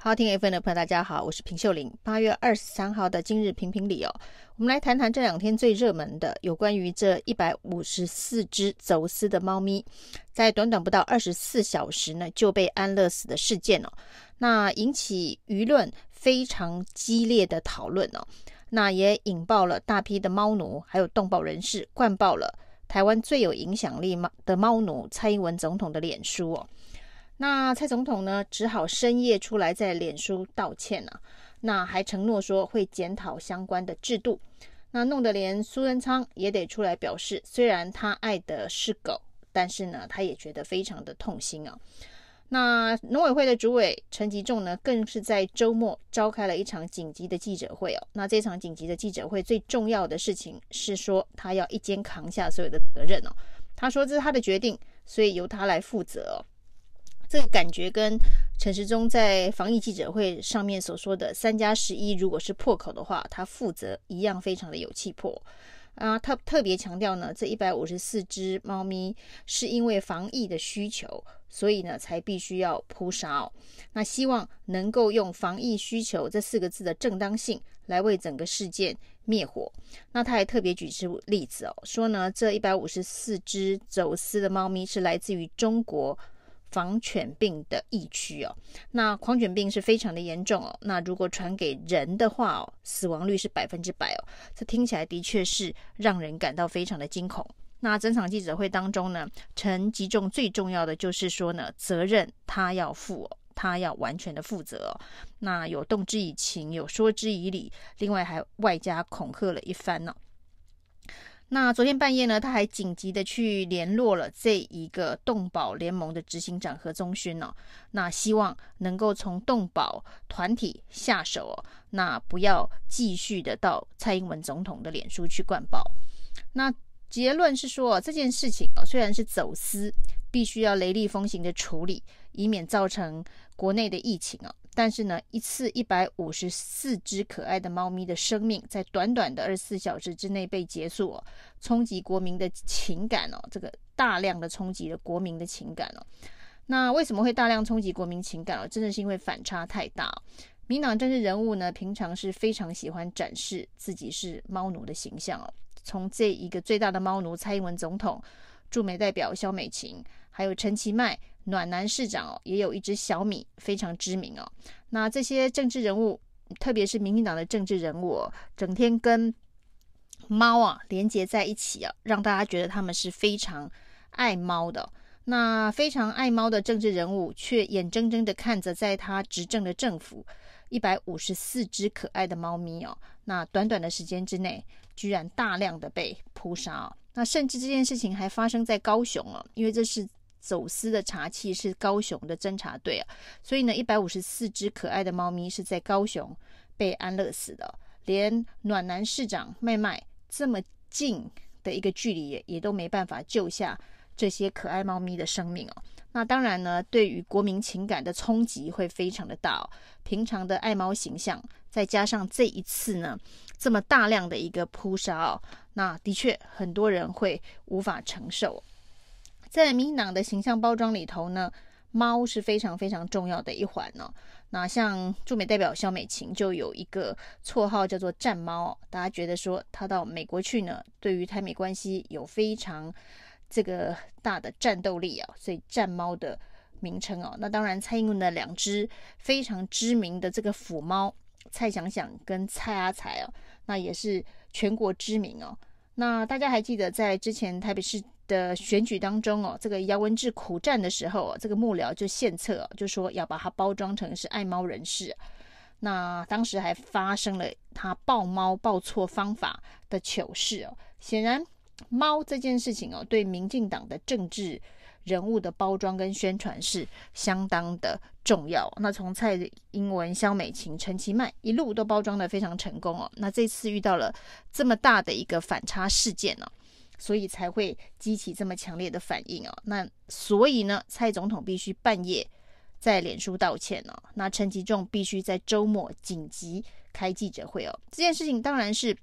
好，聽 FM 的朋友，大家好，我是平秀琳。八月二十三號的今日評評理哦，我們來談談這兩天最熱門的，有關於這一百五十四隻走私的貓咪，在短短不到二十四小時呢，就被安樂死的事件哦，那引起輿論非常激烈的討論哦，那也引爆了大批的貓奴，還有動保人士，灌爆了台灣最有影響力貓的貓奴蔡英文總統的臉書哦。那蔡總統呢，只好深夜出來在臉書道歉了啊。那還承諾說會檢討相關的制度。那弄得連蘇貞昌也得出來表示，雖然他愛的是狗，但是呢，他也覺得非常的痛心哦。那農委會的主委陳吉仲呢，更是在周末召開了一場緊急的記者會哦。那這場緊急的記者會最重要的事情是說，他要一肩扛下所有的責任哦。他說這是他的決定，所以由他來負責哦。這個感覺跟陳時中在防疫記者會上面所說的“三加十一”如果是破口的話，他負責一樣非常的有氣魄啊。他特別強調呢，這一百五十四隻貓咪是因為防疫的需求，所以呢才必須要撲殺。那希望能夠用“防疫需求”這四個字的正當性來為整個事件滅火。那他還特別舉出例子哦，說呢這一百五十四隻走私的貓咪是來自於中國。狂犬病的疫區哦，那狂犬病是非常的嚴重哦。那如果傳給人的話哦，死亡率是百分之百哦。這聽起來的確是讓人感到非常的驚恐。那整場記者會當中呢，陳吉仲最重要的就是說呢，責任他要負，他要完全的負責哦。那有動之以情，有說之以理，另外還外加恐嚇了一番呢。那昨天半夜呢，他還緊急的去聯絡了這一個動保聯盟的執行長何宗勳呢、哦，那希望能夠從動保團體下手哦，那不要繼續的到蔡英文總統的臉書去灌爆。那結論是說，這件事情啊、哦，雖然是走私，必須要雷厲風行的處理，以免造成國內的疫情哦。但是呢，一次一百五十四隻可愛的貓咪的生命，在短短的二十四小時之內被結束哦，衝擊國民的情感哦，這個大量的衝擊了國民的情感哦。那為什麼會大量衝擊國民情感哦？真的是因為反差太大哦。民黨政治人物呢，平常是非常喜歡展示自己是貓奴的形象哦。從這一個最大的貓奴，蔡英文總統，駐美代表蕭美琴。還有陳其邁暖男市長哦，也有一只小米非常知名哦。那這些政治人物，特別是民進黨的政治人物哦，整天跟貓啊連接在一起啊，讓大家覺得他們是非常愛貓的。那非常愛貓的政治人物，卻眼睜睜的看着在他執政的政府一百五十四只可愛的貓咪哦，那短短的時間之內，居然大量的被撲殺。那甚至這件事情還發生在高雄哦啊，因為這是。走私的查緝是高雄的偵查隊啊，所以呢，一百五十四隻可愛的貓咪是在高雄被安樂死的哦，連暖男市長邁邁這麼近的一個距離也也都沒辦法救下這些可愛貓咪的生命哦。那當然呢，對於國民情感的衝擊會非常的大哦，平常的愛貓形象再加上這一次呢，這麼大量的一個撲殺哦，那的確很多人會無法承受。在民進黨的形象包裝裡頭呢，貓是非常非常重要的一環哦。那像駐美代表蕭美琴就有一個綽號叫做“戰貓”，大家覺得說她到美國去呢，對於台美關係有非常這個大的戰鬥力啊，哦，所以“戰貓”的名稱哦。那當然，蔡英文的兩隻非常知名的這個“府貓”蔡想想跟蔡阿才哦，那也是全國知名哦。那大家還記得在之前台北市的選舉當中哦，這個姚文智苦戰的時候哦，這個幕僚就獻策哦，就說要把它包裝成是愛貓人士。那當時還發生了他抱貓抱錯方法的糗事哦。顯然，貓這件事情哦，對民進黨的政治人物的包裝跟宣傳是相當的重要。那從蔡英文、蕭美琴、陳其邁一路都包裝得非常成功哦。那這次遇到了這麼大的一個反差事件呢，哦？所以才會激起這麼強烈的反應哦。那所以呢，蔡總統必須半夜在臉書道歉哦。那陳吉仲必須在週末緊急開記者會哦。這件事情當然是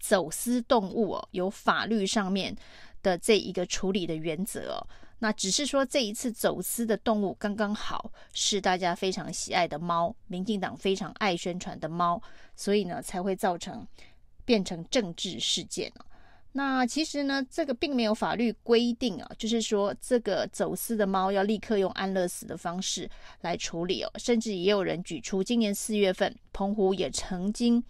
走私動物哦，有法律上面的這一個處理的原則哦。那只是說這一次走私的動物剛剛好是大家非常喜愛的貓，民進黨非常愛宣傳的貓，所以呢才會造成變成政治事件哦。那其實呢，這個並沒有法律規定啊，就是說這個走私的貓要立刻用安樂死的方式來處理哦，甚至也有人舉出，今年四月份，澎湖也曾經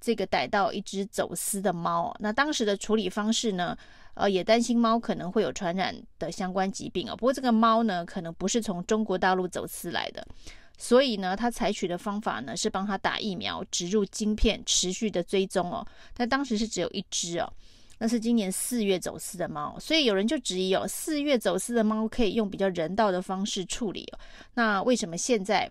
這個逮到一隻走私的貓，那當時的處理方式呢，呃，也擔心貓可能會有傳染的相關疾病哦，不過這個貓呢，可能不是從中國大陸走私來的，所以呢，他採取的方法呢是幫它打疫苗、植入晶片、持續的追蹤哦，但當時是只有一隻哦。那是今年四月走私的貓，所以有人就質疑哦，四月走私的貓可以用比較人道的方式處理哦。那為什麼現在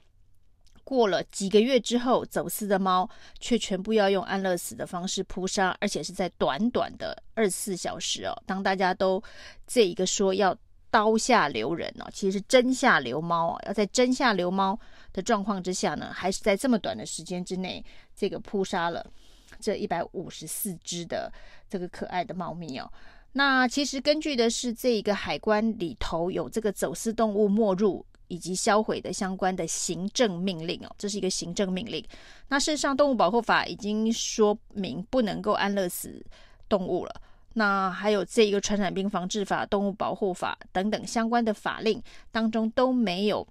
過了幾個月之後，走私的貓卻全部要用安樂死的方式撲殺，而且是在短短的二十四小時哦？當大家都這一個說要刀下留人哦，其實是針下留貓哦。要在針下留貓的狀況之下呢，還是在這麼短的時間之內這個撲殺了？這一百五十四隻的這個可愛的貓咪哦，那其實根據的是這一個海關裡頭有這個走私動物沒入以及銷毀的相關的行政命令哦，這是一個行政命令。那事實上，動物保護法已經說明不能夠安樂死動物了。那還有這一個傳染病防治法、動物保護法等等相關的法令當中都沒有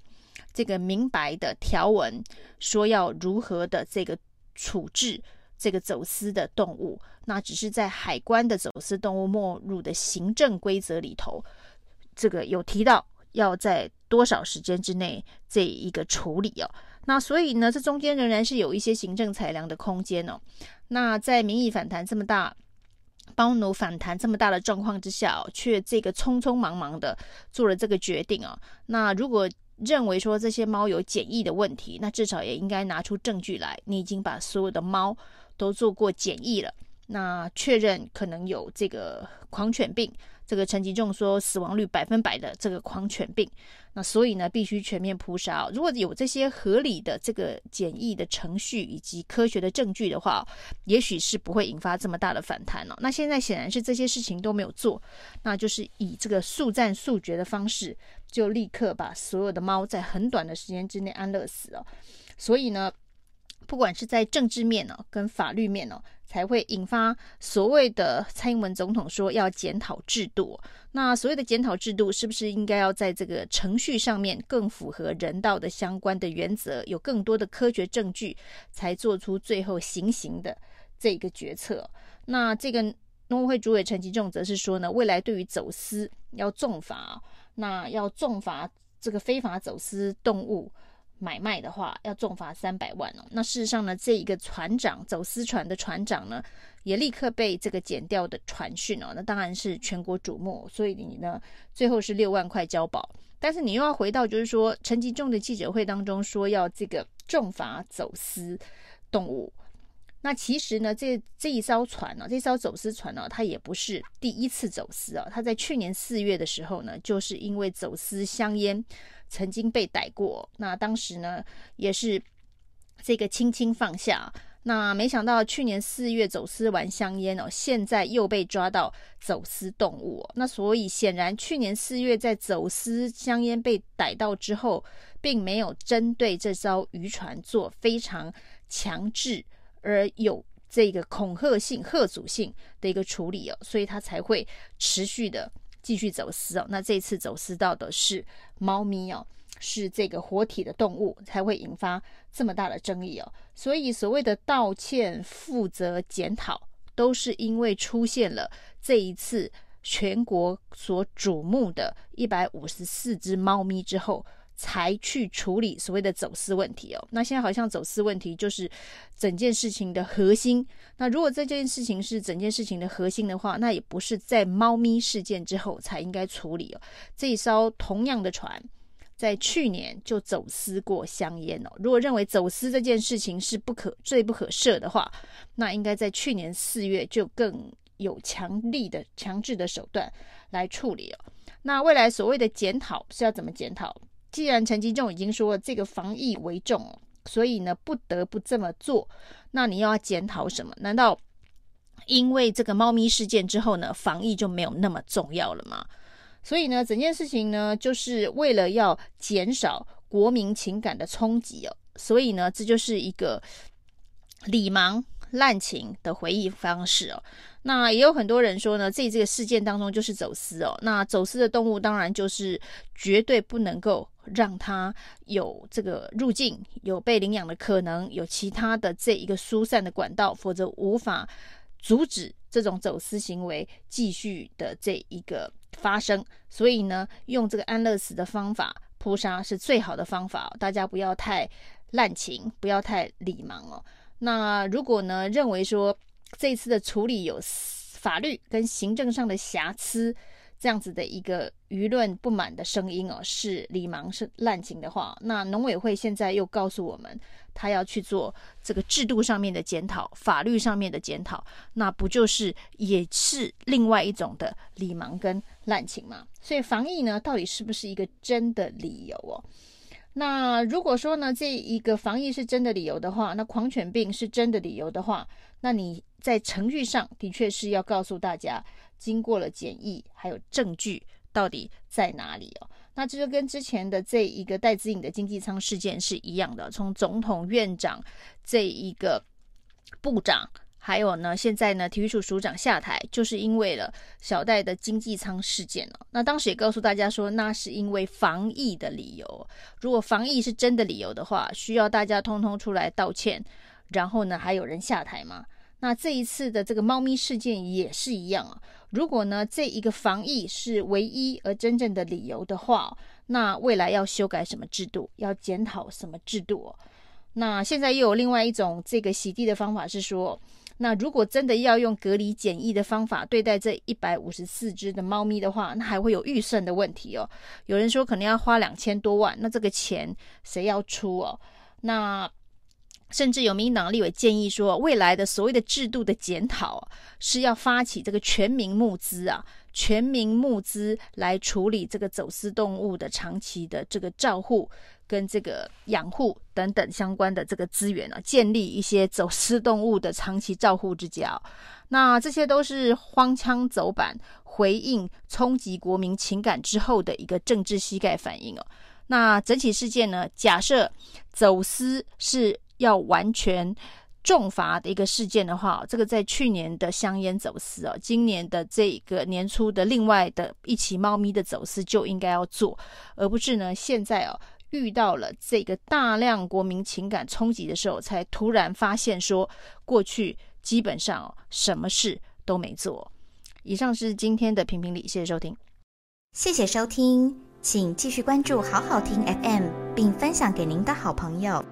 這個明白的條文說要如何的這個處置。這個走私的動物，那只是在海關的走私動物沒入的行政規則裡頭，這個有提到要在多少時間之內這一個處理哦。那所以呢，這中間仍然是有一些行政裁量的空間哦。那在民意反彈這麼大，貓奴反彈這麼大的狀況之下哦，卻這個匆匆忙忙的做了這個決定哦。那如果認為說這些貓有檢疫的問題，那至少也應該拿出證據來，你已經把所有的貓。都做過檢疫了，那確認可能有這個狂犬病，這個陳吉仲說死亡率百分百的這個狂犬病，那所以呢，必須全面撲殺哦。如果有這些合理的這個檢疫的程序以及科學的證據的話，也許是不會引發這麼大的反彈了哦。那現在顯然是這些事情都沒有做，那就是以這個速戰速決的方式，就立刻把所有的貓在很短的時間之內安樂死了哦，所以呢。不管是在政治面哦，跟法律面哦，才會引發所謂的蔡英文總統說要檢討制度。那所謂的檢討制度，是不是應該要在這個程序上面更符合人道的相關的原則，有更多的科學證據，才做出最後行刑的這個決策？那這個農委會主委陳吉仲則是說呢，未來對於走私要重罰，那要重罰這個非法走私動物。買賣的話，要重罰三百萬哦。那事實上呢，這一個船長走私船的船長呢，也立刻被這個檢調的傳訊哦。那當然是全國矚目。所以你呢，最後是六萬塊交保。但是你又要回到，就是說，陳吉仲的記者會當中說要這個重罰走私動物。那其實呢，這這一艘船呢、啊，這艘走私船呢、啊，它也不是第一次走私哦、啊。它在去年四月的時候呢，就是因為走私香煙，曾經被逮過。那當時呢，也是這個輕輕放下。那沒想到去年四月走私完香煙哦、啊，現在又被抓到走私動物。那所以顯然去年四月在走私香煙被逮到之後，並沒有針對這艘漁船做非常強制。而有這個恐嚇性、嚇阻性的一個處理哦，所以他才會持續的繼續走私哦。那這一次走私到的是貓咪哦，是這個活體的動物，才會引發這麼大的爭議哦。所以所謂的道歉、負責、檢討，都是因為出現了這一次全國所矚目的一百五十四隻貓咪之後。才去處理所謂的走私問題哦。那現在好像走私問題就是整件事情的核心。那如果這件事情是整件事情的核心的話，那也不是在貓咪事件之後才應該處理哦。這一艘同樣的船，在去年就走私過香菸哦。如果認為走私這件事情是不可罪不可赦的話，那應該在去年四月就更有強力的強制的手段來處理哦。那未來所謂的檢討是要怎麼檢討？既然陳吉仲已經說了這個防疫為重，所以呢不得不這麼做，那你又要，要檢討什麼？難道因為這個貓咪事件之後呢，防疫就沒有那麼重要了嗎？所以呢，整件事情呢，就是為了要減少國民情感的衝擊哦。所以呢，這就是一個理盲濫情的回應方式哦。那也有很多人說呢，這這個事件當中就是走私哦。那走私的動物當然就是絕對不能夠。讓它有這個入境、有被領養的可能、有其他的這一個疏散的管道，否則無法阻止這種走私行為繼續的這一個發生。所以呢，用這個安樂死的方法撲殺是最好的方法，大家不要太濫情，不要太理盲哦。那如果呢，認為說這次的處理有法律跟行政上的瑕疵，這樣子的一個輿論不滿的聲音哦，是理盲是濫情的話，那農委會現在又告訴我們，他要去做這個制度上面的檢討，法律上面的檢討，那不就是也是另外一種的理盲跟濫情嗎？所以防疫呢，到底是不是一個真的理由哦？那如果說呢，這一個防疫是真的理由的話，那狂犬病是真的理由的話，那你在程序上的確是要告訴大家，經過了檢疫，還有證據。到底在哪裡哦？那這就跟之前的這一個戴資穎的經濟艙事件是一樣的。從總統、院長這一個部長，還有呢，現在呢，體育署署長下台，就是因為了小戴的經濟艙事件了哦。那當時也告訴大家說，那是因為防疫的理由。如果防疫是真的理由的話，需要大家通通出來道歉，然後呢，還有人下台嗎？那這一次的這個貓咪事件也是一樣啊。如果呢，這一個防疫是唯一而真正的理由的話，那未來要修改什麼制度，要檢討什麼制度？哦，那現在又有另外一種這個洗地的方法是說，那如果真的要用隔離檢疫的方法對待這一百五十四隻的貓咪的話，那還會有預算的問題哦。有人說可能要花兩千多萬，那這個錢誰要出哦？那。甚至有民進黨立委建議說，未來的所謂的制度的檢討、啊、是要發起這個全民募資啊，全民募資來處理這個走私動物的長期的這個照護跟這個養護等等相關的這個資源啊，建立一些走私動物的長期照護之家、啊。那這些都是荒腔走板，回應衝擊國民情感之後的一個政治膝蓋反應哦、啊。那整體事件呢，假設走私是。要完全重罰的一個事件的話，這個在去年的香煙走私哦，今年的這個年初的另外的一起貓咪的走私就應該要做，而不是呢現在哦遇到了這個大量國民情感衝擊的時候才突然發現說過去基本上什麼事都沒做。以上是今天的評評理，謝謝收聽，謝謝收聽，請繼續關注好好聽 FM，並分享給您的好朋友。